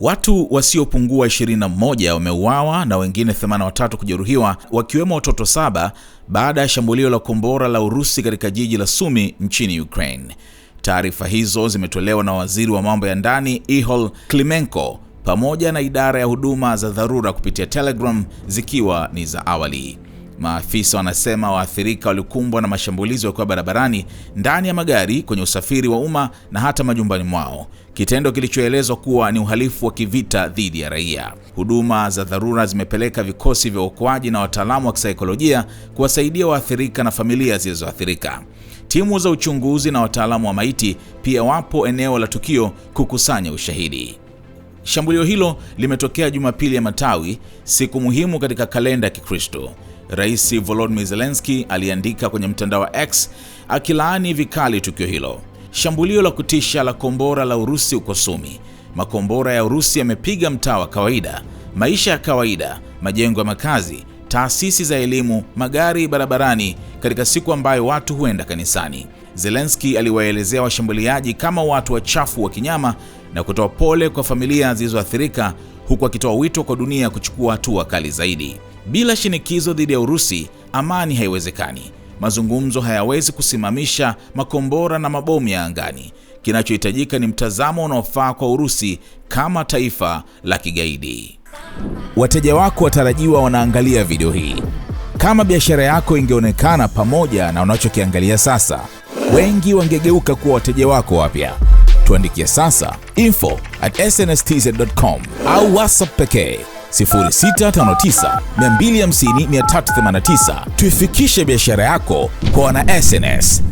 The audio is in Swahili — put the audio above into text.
Watu wasiopungua 21 wameuawa na wengine 83 kujeruhiwa wakiwemo watoto saba baada ya shambulio la kombora la Urusi katika jiji la Sumi nchini Ukraine. Taarifa hizo zimetolewa na waziri wa mambo ya ndani Ihol Klimenko pamoja na idara ya huduma za dharura kupitia Telegram zikiwa ni za awali. Maafisa wanasema waathirika walikumbwa na mashambulizi wakiwa barabarani, ndani ya magari, kwenye usafiri wa umma na hata majumbani mwao, kitendo kilichoelezwa kuwa ni uhalifu wa kivita dhidi ya raia. Huduma za dharura zimepeleka vikosi vya uokoaji na wataalamu wa kisaikolojia kuwasaidia waathirika na familia zilizoathirika. Timu za uchunguzi na wataalamu wa maiti pia wapo eneo la tukio kukusanya ushahidi. Shambulio hilo limetokea Jumapili ya Matawi, siku muhimu katika kalenda ya Kikristo. Rais Volodymyr Zelensky aliandika kwenye mtandao wa X akilaani vikali tukio hilo. Shambulio la kutisha la kombora la Urusi huko Sumi. Makombora ya Urusi yamepiga mtaa wa kawaida, maisha ya kawaida, majengo ya makazi, taasisi za elimu, magari barabarani, katika siku ambayo watu huenda kanisani. Zelensky aliwaelezea washambuliaji kama watu wachafu wa kinyama na kutoa pole kwa familia zilizoathirika huku akitoa wito kwa dunia kuchukua hatua kali zaidi. Bila shinikizo dhidi ya Urusi, amani haiwezekani. Mazungumzo hayawezi kusimamisha makombora na mabomu ya angani. Kinachohitajika ni mtazamo unaofaa kwa Urusi kama taifa la kigaidi. Wateja wako watarajiwa wanaangalia video hii. Kama biashara yako ingeonekana pamoja na unachokiangalia sasa, wengi wangegeuka kuwa wateja wako wapya tuandikia sasa info at snstz.com au whatsapp pekee 0659 250 Tuifikishe biashara yako kwa wana SNS.